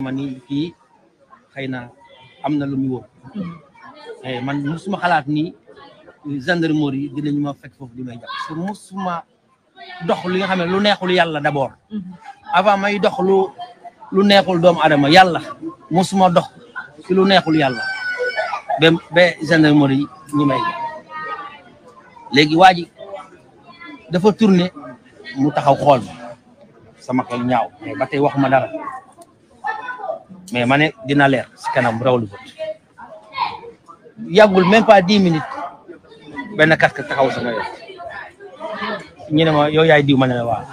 ma ni kii xëy na am na lu mu eh, man musuma xalaat ni gendarmerie dinañu ma fekk foofu di may jàpp parce musuma dox li nga xam ne lu neexul yàlla d'abord mhm. avant may dox lu lu neexul doomu adama yàlla musuma dox ci lu neexul yàlla ba ba gendarmerie ñu may léegi waa ji dafa turne mu taxaw xool sama xel ñaaw mais ba dara mais ma ne dina leer si kanam rawlu bët yàggul même pas dix minutes benn casque taxaw sama yoon ñu ne ma yow yaay diw ma ne la waaw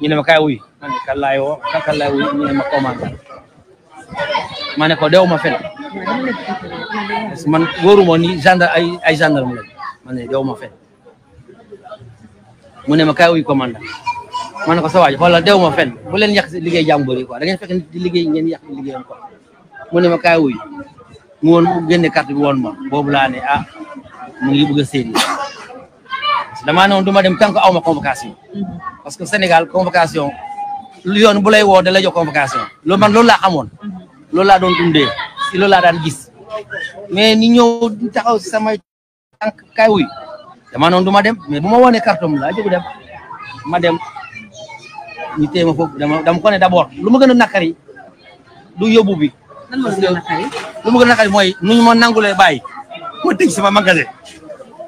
ñu ne ma kaay wuy ma ne wuy ñu ma commande ma ko dew ma fen man wóoruma ni gendarme ay ay gendarme la ma ne dew ma fen mu ne ma kaay wuy commandant man na ko sa waaj xoolal fen bu leen yàq si liggéey jàmbur yi quoi ma kaay wuy mu woon mu génne carte bi woon ma boobu laa ne ah a séen damaa ne woon du ma dem tant aw ma convocation parce que Sénégal convocation lu yoon bu lay woo da lay jox convocation loolu man laa xamoon loolu laa doon si loolu laa daan gis mais ni ñëw taxaw si samay tànk kaay wuy damaa ne woon du ma dem mais bu ma woonee carte ñu téye ma foofu dama dama ko ne lu ma gën a nakari du yóbbu bi. lan ma gën a nakari lu ma gën a nakari bàyyi sama magasin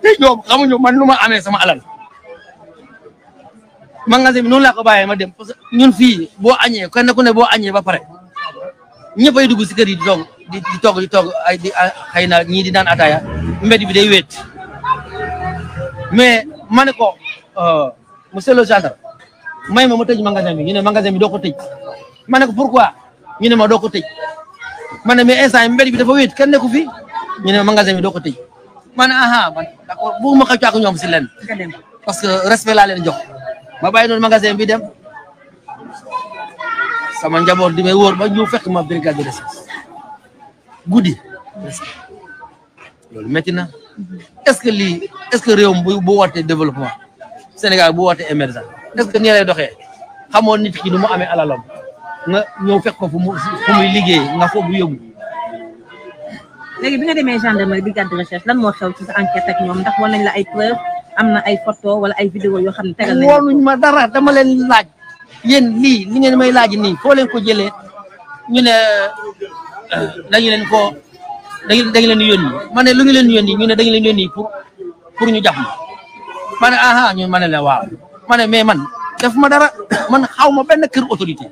tëj boobu xamuñu man lu ma amee sama alal magasin bi noonu laa ko ma dem ñun fii boo añee kenn ku ne boo añee ba pare ñëpp ay dugg si kër yi di toog di di toog di toog ay di ah, xëy na ñii di naan ataaya mbedd bi day wéet ma ne ko euh, monsieur le may ma ma tëj magasin bi ñu ne magasin bi doo ko tëj ma ne ko pourquoi ñu ne ma doo ko tëj ma ne mais instant yi mbedd bi dafa wéet kenn nekku fi ñu ne magasin bi doo ko tëj ma ne aha bu ma xëccoo ak ñoom si leen parce que respect laa leen jox ma bàyyi noonu magasin bi dem sama njaboot di may wóor ba ñu fekk ma brigade de recherche guddi loolu métti na est-ce que lii est-ce que réew bu bu wootee développement Sénégal bu wootee émergence est-ce que ñee lay doxee xamoon nit ki nu mu amee alalam nga ñëw fekk ko fu mu muy liggéey nga foofu yóbbu. léegi bi nga demee gendarmerie brigade de recherche lan moo xew ci sa enquête ak ñoom ndax wan nañ la ay preuve am na ay photo wala ay vidéo yoo xam ne tegal nañ woonuñ ma dara dama leen laaj yéen lii li ngeen may laaj nii foo leen ko jëlee ñu ne eh, dañu leen ko dañu dañu leen yónni ma ne lu ngi leen yónni ñu ne dañu leen yónni pour ñu jàpp ma ma ne aha ñu ma ne waaw ma ne mais man def ma dara man xaw ma benn kër autorité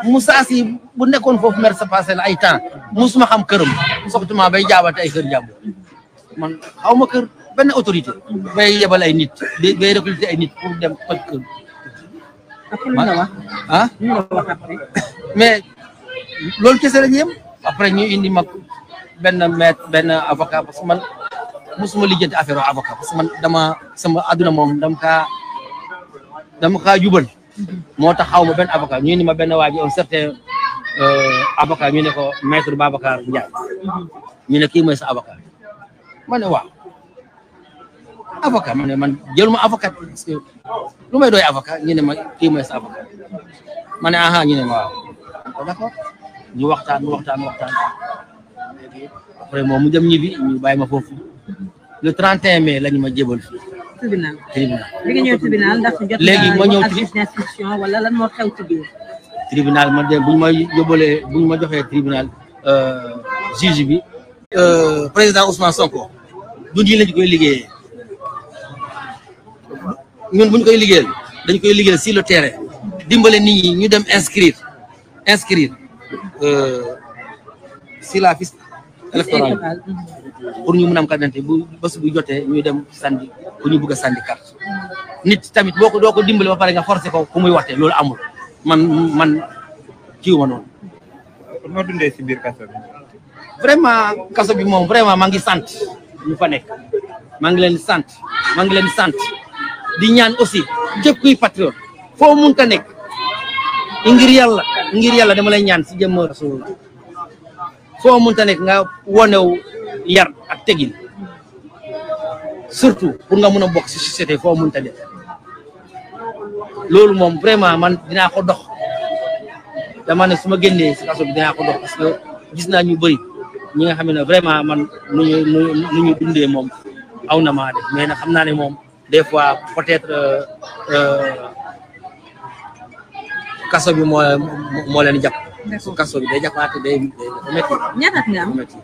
Moussa Sy bu nekkoon foofu mer sa passé la ay temps musuma xam këram soxtuma bay jaabate ay kër jàmbur man xaw ma kër benn autorité bay yebal ay nit bay recruter ay nit pour dem toj kër ah mais loolu kese la ñu yem après ñu indi mag benn maître benn avocat parce que man musuma lijjanti affaire avocat parce dama sama adduna moom dam dama kaa jubal moo tax xaw ma benn avocat ñu ni ma benn waa ji un certain euh, avocat ñu ne ko maître Babacar Ndiaye ñu ne kii mooy sa avocat ma ne waaw avocat ma ne man jëluma avocat parce que lu may doy avocat ñu ne ma kii mooy aha ñu ne ma waaw d'accord ñu waxtaan waxtaan waxtaan après moom mu dem ñibbi ñu bàyyi ma foofu le 31 mai la ñu ma jébal fii tribunal. tribunal bi nga ñëw tribunal ndax jot léegi ma ñëw wala lan moo xew ci biir. tribunal man de buñ ma yóbbalee buñ ma joxee tribunal euh, juge bi. Euh, président Ousmane Sonko du nii lañ koy liggéeyee ñun buñ koy liggéeyal dañ koy liggéeyal sur le terrain dimbale nit ñi ñu dem inscrire inscrire euh, si la fiche électoral pour ñu mën a am carte d'identité bu bés bu jotee ñuy dem sandi ku ñu bëgg sandi carte nit tamit boo ko doo ko dimbale ba pare nga forcé ko ku muy waxte loolu amul man man kiiwuma noonu. dundee si biir kaso bi. vraiment kaso bi moom vraiment maa ngi sant ñu fa nekk maa ngi leen sant maa ngi leen sant di ñaan aussi képp kuy patriote foo mun ta nekk ngir yàlla ngir yàlla dama lay ñaan si jëmm rasul foo mënta nekk nga wonew yar ak tegin surtout pour nga mën a bokk si société foo mënta nekk loolu moom vraiment man dinaa ko dox dama ne su génnee si kaso bi dinaa ko dox parce que gis naa ñu bëri ñi nga xam ne vraiment man nu ñu nu ñu dundee moom aw na maa def mais nag xam naa ne moom des fois peut-être euh, euh, kaso bi moo moo leen jàpp su kaso bi day jàppaate day dafa métti. ñaata at nga am métti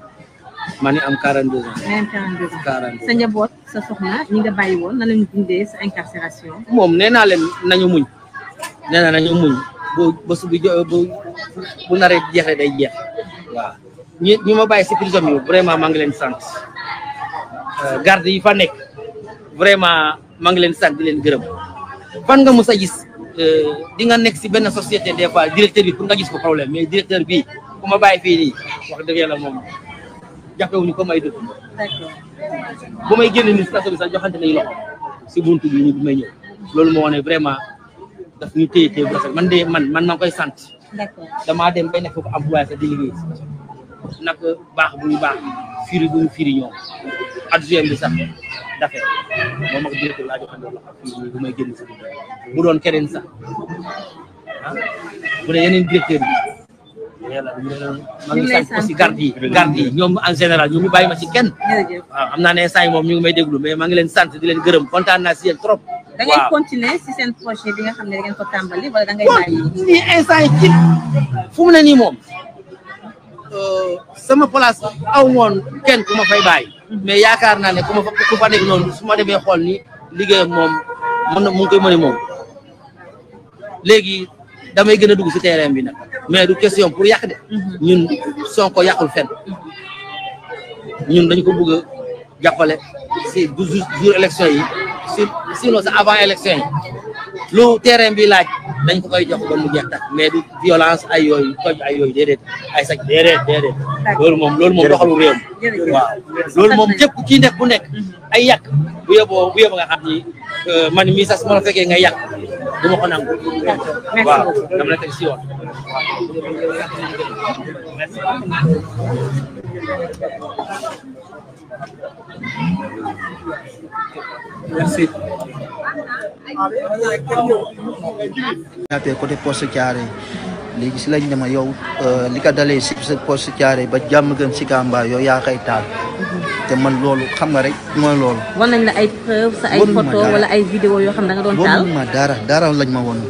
maa ngi am 42 ans. maa ans 42 sa njaboot sa soxna ñi nga bàyyi woon na la ñu dundee sa nee naa nañu muñ nee naa nañu muñ bu bés bu jo bu bu naree jeex day jeex waaw ñi ma bàyyi si prison bi vraiment maa ngi leen sant euh, garde yi fa nekk vraiment maa ngi leen sant di leen gërëm. fan nga mës a gis euh, di nga nekk si benn société des fois directeur bi pour nga gis ko problème mais directeur bi ku ma bàyyi fii nii wax dëgg yàlla moom jafewuñu ko may dëkk. d'accord bu may génn ni station bi sax joxante nañu loxo si bunt bi ñu bi may ñëw loolu moo ne vraiment daf ñu téye man de man man maa koy sant. d'accord damaa dem ba nekk foofu employé sax di liggéey nag baax bu ñu baax firi bu firi ñoom. adjoint bi sax dafe moom ak directeur laa joxandoo loxo fii bu may génn si bu doon keneen sax ah bu dee yeneen directeur bi yàlla maa ngi sant aussi garde yi garde yi ñoom en général ñoom ñu ma ci kenn waaw naa ne instant moom ñu ngi may déglu mais maa ngi leen sant di leen gërëm kontaan naa si yéen trop da ngay si seen projet bi nga xam ne da ngeen ko tàmbali wala da ngay bàyyi nii instant moom euh, sama place aw woon kenn ku ma mais yaakaar naa ne ku ma fa ku fa nekk noonu su ma demee xool ni liggéey ak moom mën na mu ngi koy mëne moom léegi damay gën a dugg si terrain bi nag mais du question pour yàq de ñun Sonko yàqul fenn ñun dañ ko bëgg a jàppale si du jour élection yi si sinon sa avant élection yi lu terrain bi laaj dañ ko koy jox ba mu jeex tax mais du violence ay yooyu ay yooyu déedéet ay sax déedéet déedéet loolu moom loolu moom doxalu réew mi waaw loolu moom képp kii nekk bu nekk mhm. ay yàq bu yóbboo bu yóbboo euh, man mii sax su ma fekkee ngay yàq du ma ko nangu waaw dama la teg si yoon ñaatee côté poste Thiaré léegi si lañ dema yow eh, li ko dalee si sa poste ba jàmm gën si Kamba yow yaa koy taal te man loolu xam nga rek mooy loolu war nañ la ay preuve sa ay photo wala ay vidéo yoo xam ne da doon taal dara lañ ma woon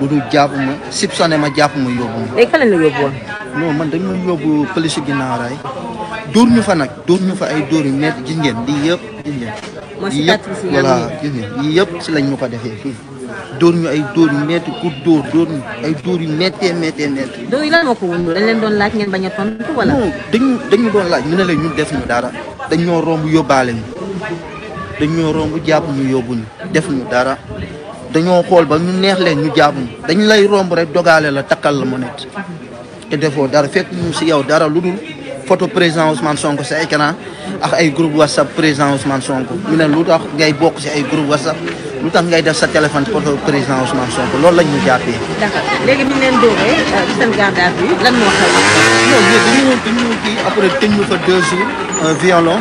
lu dul jàpp ma sib sone ma jàpp ma yóbbu ma léegi yóbbu woon non man dañ ma yóbbu police ginnaaw raay dóor ñu fa nag dóor ñu fa ay dóor yu metti gis ngeen lii yëpp gis yii yëpp voilà gis nga yëpp si lañ ma ko defee fii. dóor ñu ay dóor yu métti ku dóor dóor ñu ay dóor yu méttee méttee métti. dóor yi lan ko wund dañ leen doon laaj ngeen bañ a tontu dañu dañu doon laaj ñu ne la ñu def ñu dara dañoo ñoo romb yóbbaale ñu dañ romb jàpp ñu yóbbu ñu def ñu dara dañoo xool ba ñu neex leen ñu jàpp ñu dañ lay romb rek dogale la takkal la mu nekk te defoo dara fekk ñu si yow dara lu dul. photo président Ousmane Sonko si ay écran ak ay groupe whatsapp président Ousmane Sonko ñu ne lu tax ngay bokk si ay groupe whatsapp lu tax ngay def sa téléphone photo président Ousmane Sonko loolu lañ ñu jàppee. d'accord léegi ñu leen dóoree ci euh, seen garde à vue moo xew. après tëj ñu fa deux jours violon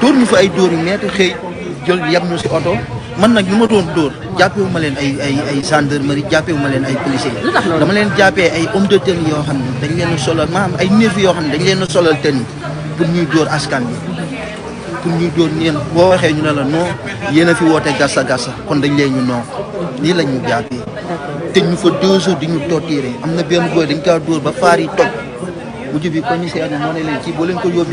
dóor ñu fa ay dóor yu métti xëy jël yem ñu si oto. man nag ñu ma doon dóor jàppewu leen ay ay ay gendarmerie jàppewu ma leen ay policiers dama leen jàppee ay homme de tenue yoo xam ne dañ leen a solal maanaam ay nervis yoo xam ne dañ leen a solal tenue pour ñuy dóor askan bi pour ñuy dóor ñeen boo waxee ñu ne la non yéen a fi woote gassa gassa kon dañ leen ñu non lii lañ ñu jàppee te ñu fa deux jours di ñu torturer am na benn góor dañ kaa dóor ba faar yi toj mujj bi commissaire bi moo ne leen ci boo leen ko